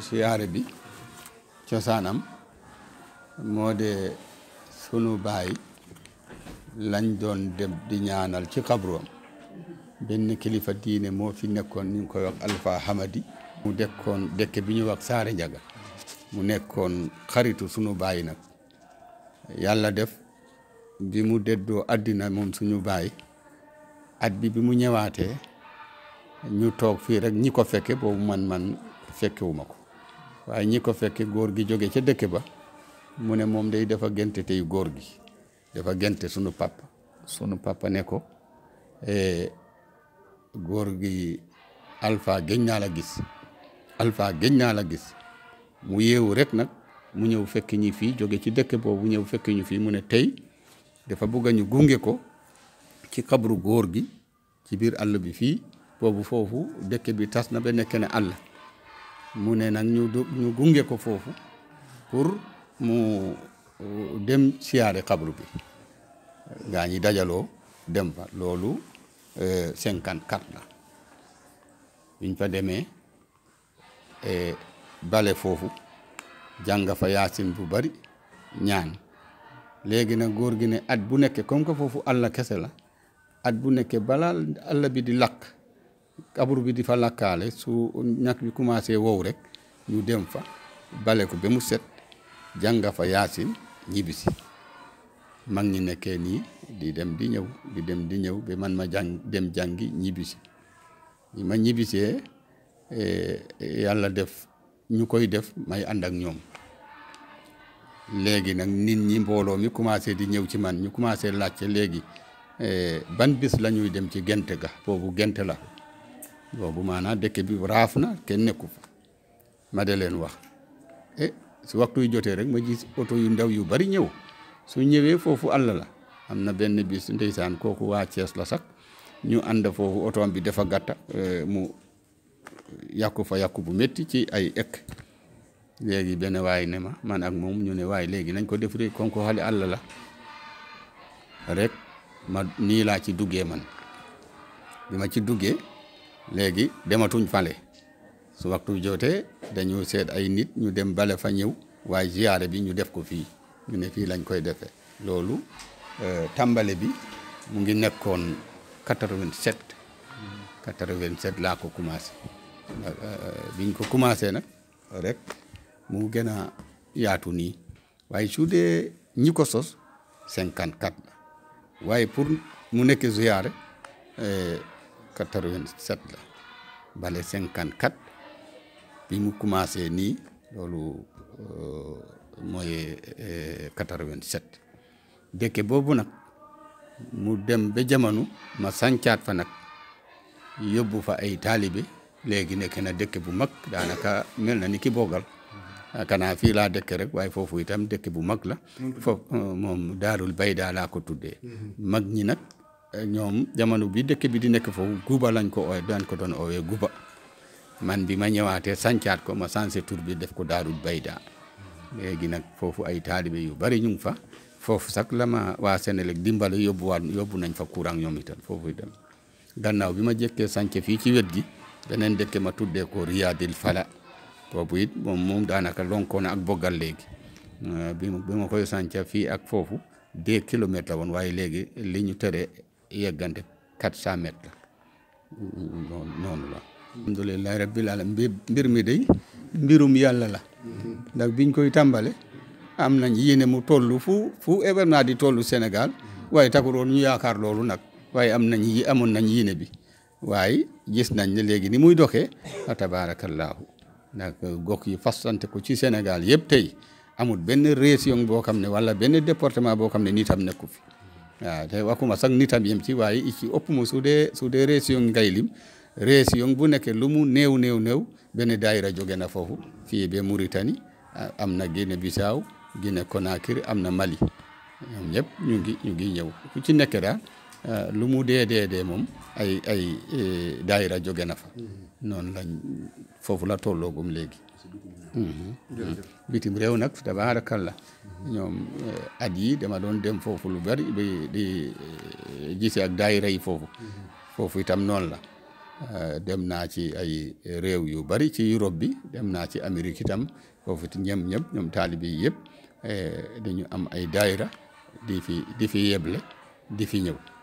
siyaare bi cosaanam moo de sunu baayi lañ doon dem di ñaanal ci xabroom benn kilifa diine moo fi nekkoon ni ngi koy wax alpha hamadi mu dekkoon dekke bi ñu wax saare njaga mu nekkoon xaritu sunu bàyyi nag yàlla def bi mu deddoo addina moom suñu bàyyi at bi bi mu ñëwaatee ñu toog fii rek ñi ko fekke boobu man man fekkewuma ko waaye ñi ko fekke góor gi jóge ca dëkk ba mu ne moom day dafa gente tey góor gi dafa gente suñu papa sunu papa ne ko e, góor gi alpha géñ naa gis alpha géñ naa la gis mu yeewu rek nag mu ñëw fekk ñi fii jóge ci dëkk boobu ñëw fekk fii mu ne tey dafa bëgg ñu ko ci xabru góor gi ci biir àll bi fii boobu foofu dëkk bi tas na ba nekk ne àll mu ne nag ñu ñu gunge ko foofu pour mu euh, dem siyaare xabru bi gaa ñi dajaloo dem fa loolu euh, cinquante quatre la biñ fa demee euh, bale foofu jàng fa yaasin bu bari ñaan léegi nag góor gi ne at bu nekkee comme que foofu àll kese la at bu nekkee balaa àll bi di lakk abur bi di fa lakkaale su ñàkk bi commencé wow rek ñu dem fa bale ko ba mu set jànga fa yaasin ñibbisi mag ñi nekkee nii di dem di ñëw di dem di ñëw ba man ma jàng dem jàngi ñibbisi ma ñibbisee eh, yàlla def ñu koy def may ànd ak ñoom léegi nag nit ñi mbooloo mi commencé di ñëw ci man ñu commencé laajte léegi eh, ban bis lañuy dem ci gente ga boobu gente la bon bo maanaa dekke bi raafna kenn nekku fa ma de leen wax e si waxtuy jotee rek ma gis oto yu ndaw yu bari ñëw su ñëwee foofu àlla la am na benn bis ndeysaan kooku waa cees la sax ñu ànd foofu oto am bi dafa gàtta e, mu yàkku fa yàkku bu métti ci ay ek léegi benn waay ne ma man ak moom ñu ne waay léegi nañ ko def rek konko xale àlla la rek ma nii laa ci duggee man bi ma ci duggee léegi dematuñ fale su waxtu jotee dañu seet ay nit ñu dem bale fa ñëw waaye ziyaare bi ñu def ko fii ñu ne fii lañ koy defee loolu euh, tàmbale bi mu ngi nekkoon 87 87 laa ko commencé euh, biñ ko commencé nag rek mu gën a yaatu nii waaye su dee ñi ko sos 54 la waaye pour mu nekk ziyaare euh, 87 la bale 54 bi mu commencé nii loolu euh, mooy 87 euh, dëkke boobu nag mu dem ba jamono ma sàncaat fa nag yóbbu fa ay taalibe léegi nekk na dëkk bu mag daanaka mel na ni ki boogal kanaa fii laa dëkk rek waaye foofu itam dëkk bu mag la foofu euh, moom daarul bayda laa ko tuddee mm-hmm. mag ñi nag ñoom jamono bi dëkk bi di nekk foofu guuba lañ ko ooyee daan ko doon oowee guuba man bi ma ñëwaatee sàncaat ko ma sansé tur bi def ko daarul bayda léegi nag foofu ay taalibe yu bari ñu fa foofu sax la ma waa Sénélec dimbal yóbbuwaat yóbbu nañ fa courant ñoom itam foofu itam gannaaw bi ma jëkkee sànce fii ci wet gi beneen dëkk ma tuddee ko Riyadil Fala boobu it moom moom daanaka lonkoon na ak boggal léegi euh, bi ma koy sànce fii ak foofu deux kilomètres la woon waaye léegi li ñu tere yeggante quatre cent mètres la noonu la alhamdulilahi rabbil alamin mbir mi day mbirum yàlla la ndax biñ koy tàmbale am nañ yéene mu toll fu fu événement di tollu Sénégal waaye takuroon ñu yaakaar loolu nag waaye am nañ yi amoon nañ yéene bi waaye gis nañ ne léegi ni muy doxee fa tabaarakallaahu ndax gox yi fasante ko ci Sénégal yëpp tey amul benn région boo xam ne wala benn département boo xam ne nitam nekku fi eeyi ah, te wakkuma sagnitami yimti wawi icci oppumo suude suude reesiyon gaylim reesiyon buneke lumu new new new bene dayira jogena fofu fiye ɓe mouritani ah, amna guine bisaw guine conakiri amna mali ñom ñëpp ñu ngi ñu ngi ñëw ci nekk ra ah, lu mu dee dee dee moom ay ay eh, daayira jóge na fa noonu lañ foofu la tolloogum léegi mhm. bitim réew nag tabaarakallah ñoom eh, at yi dama doon dem foofu lu bari di di eh, gisee ak daayira yi foofu mm-hmm. foofu itam noonu la eh, dem naa ci ay réew yu bari ci Europe bi dem naa ci Amérique itam foofu ñem ñëpp ñoom taalibe yi yëpp dañu am ay daayira di fi di fi yeble di fi ñëw